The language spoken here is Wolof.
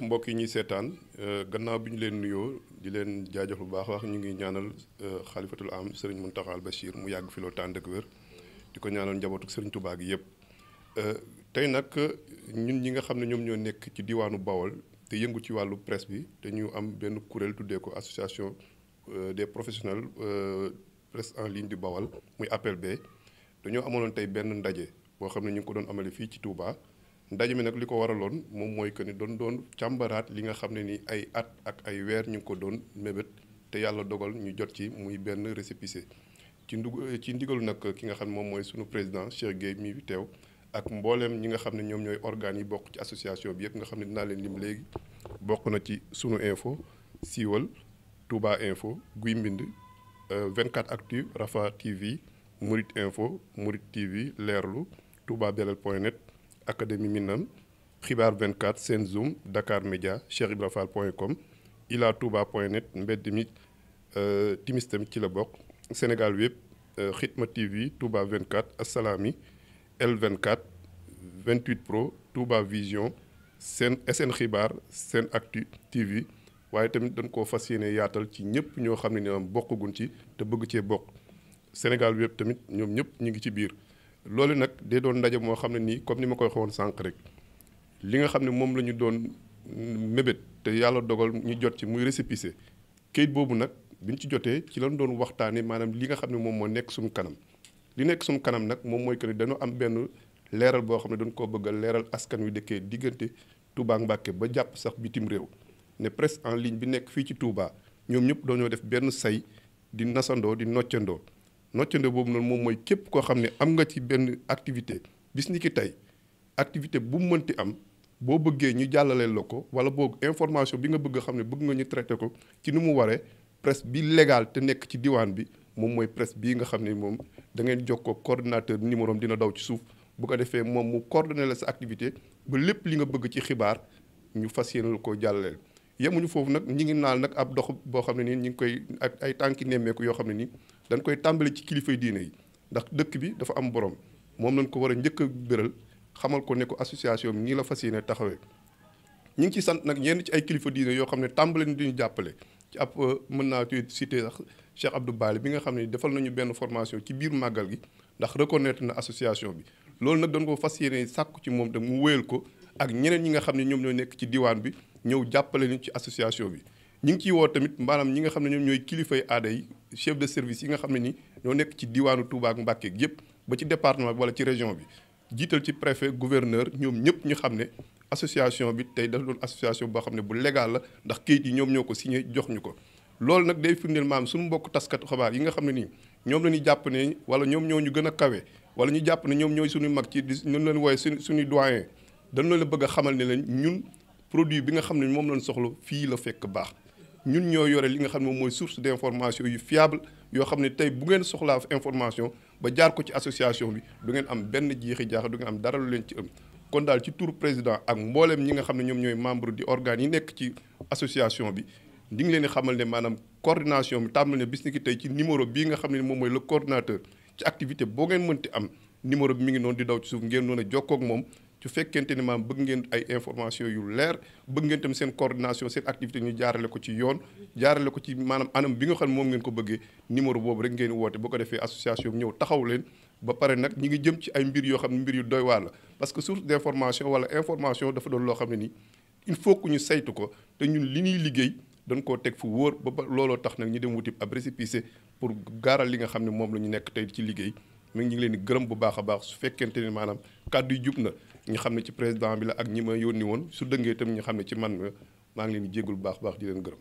mbokk yi ñuy seetaan euh, gannaaw bi ñu leen nuyoo di leen jaajëf bu baax wax ñu ngi ñaanal xalifatul euh, am sëriñ Muntaxa al Bachir mu yàgg filo loolu tànd ak wér di ko ñaanal njabootu sëriñ Tuubaa gi yëpp. Euh, tey nag ñun ñi nga xam ne ñoom ñoo nekk ci diwaanu Bawol te yëngu ci wàllu presse bi te am benn kuréel tuddee ko association des professionnels presse en ligne di Bawol muy appel be dañoo amaloon tey benn ndaje boo xam ne ñu ngi ko doon amale fii ci Touba. ndaje mi nag li ko waraloon moom mooy que ni doon doon càmbaraat li nga xam ne ni ay at ak ay weer ñu ngi ko doon mébét te yàlla dogal ñu jot ci muy benn récépissé ci ndug ci ndigalu nag ki nga xam ne moom mooy sunu président Cheikh Gueye mi teew ak mbooleem ñi nga xam ne ñoom ñooy organes yi bokk ci association bi yëpp nga xam ne dinaa leen lim léegi bokk na ci sunu info siiwal tubaa info guy mbind euh, vingt 24 actu Rafa TV Murit info Murit TV leerlu Touba Belel point net académie Minane xibaar vingt 24 seen zoom Dakar Média Cheikh Ibra point com ila touba point net mbedd mi euh, timis tamit ci la bokk Sénégal web Xitma euh, TV Touba 24 Assalaamy L24 28 Pro Touba Vision seen SN xibaar seen actu TV waaye tamit dañ koo fas yéene yaatal ci ñëpp ñoo xam ne ne am bokkagun ci te bëgg cee bokk Sénégal web tamit ñoom ñëpp ñu ngi ci biir. loolu nag day doon ndaje moo xam ne nii comme ni ma koy xewoon sànq rek li nga xam ne moom la ñu doon mébét te yàlla dogal ñu jot ci muy récépissé kayit boobu nag bi ñu ci jotee ci lañ doon waxtaanee maanaam li nga xam ne moom moo nekk suñu kanam li nekk suñu kanam nag moom mooy que ni dañoo am benn leeral boo xam ne dañ koo bëgg a leeral askan wi dëkkee diggante Touba Mbacké ba jàpp sax bitim réew ne presque en ligne bi nekk fii ci Touba ñoom ñëpp dañoo def benn say di nasandoo di noccandoo. noccande boobu noonu moom mooy képp koo xam ne am nga ci benn activité bis ni tey activité bu mu mënti am boo bëggee ñu jàllaleel la ko wala boog information bi nga bëgg xam ne bëgg nga ñu traité ko ci ni mu waree presse bi légal te nekk ci diwaan bi moom mooy presse bii nga xam ne moom da ngeen ko coordinateur bi numéro dina daw ci suuf bu ko defee moom mu coordonné la sa activité ba lépp li nga bëgg ci xibaar ñu fas yéene la ko jàllaleel yemuñu foofu nag ñi ngi naal nag ab dox boo xam ne nii ñu ngi koy ak ay tànki nemmeeku yoo xam ne nii dañ koy tàmbali ci kilifa diine yi ndax dëkk bi dafa am borom moom lañ ko war a njëkk a bëral xamal ko ne ko association bi nii la fas yéene taxawee ñi ngi ci sant nag ñenn ci ay kilifa diine yoo xam ne tàmbali di jàppale ci ab euh, mën naa ci cité sax Cheikh Abdou Bali bi nga xam ne defal nañu benn formation ci biir màggal gi ndax reconnaître na association bi loolu nag dañ ko fas yéene sàkku ci moom te mu wéyal ko ak ñeneen ñi nga xam ne ñoom ñoo nekk ci diwaan bi ñëw jàppale ñu ci association bi ñi ngi ciy woo tamit maanaam ñi nga xam ne ñoom ñooy kilifay aada yi chef de service yi nga xam ne ni ñoo nekk ci diwaanu Touba ak Mbacké wala ci région bi jiital ci préfet gouverneur ñoom ñëpp ñu xam ne association bi tey dafa doon association boo xam ne bu légal la ndax kayit yi ñoom ñoo ko signé jox ñu ko loolu nag day firndeel maam suñu mbokk taskatu xabaar yi nga xam ne nii ñoom la ñuy jàpp ne wala ñoom ñoo ñu gën a kawe wala ñu jàpp ne ñoom ñooy suñu mag ci di ñu leen wooye suñu suñuy doyen dañu leen bëgg a xamal ne leen ñun produit bi nga xam ne moom lañ soxla fii la fekk baax ñun ñoo yore li nga xam ne moom mooy source d' information yu fiable yoo xam ne tey bu ngeen soxlaa information ba jaar ko ci association bi du ngeen am benn jeexi jaax du ngeen am dara leen ci ëm kon daal ci tour président ak mbooleem ñi nga xam ne ñoom ñooy membre di organes nekk ci association bi ñu ngi leen di xamal ne maanaam coordination bi tàmbali bis ni ki tey ci numéro bii nga xam ne moom mooy le coordinateur ci activité boo ngeen mënti am numéro bi mi ngi noonu di daw ci suuf ngeen noon a jokkoo ak moom su fekkente ni maam bëgg ngeen ay information yu leer bëgg ngeen tam seen coordination seen activité ñu jaarale ko ci yoon jaarale ko ci maanaam anam bi nga xam moom ngeen ko bëggee numéro boobu rek ngeen woote boo ko defee association bi ñëw taxaw leen ba nag ñi ngi jëm ci ay mbir yoo xam ne mbir yu doy la parce que source d'information wala information dafa loo xam ne nii il faut que ñu saytu ko te ñun li ñuy liggéey dañ koo teg fu wóor ba looloo tax nag ñu dem wuti ab récépissé pour gaaral li nga xam ne moom la ñu nekk tey ci liggéey mi ngi leen di gërëm bu baax a baax su fekkente ni maanaam kàddu jub na ñu xam ne ci président bi la ak ñi ma yónni woon su dëngee itam ñu xam ne ci man maa ngi leen di jégalu bu baax baax di leen gërëm.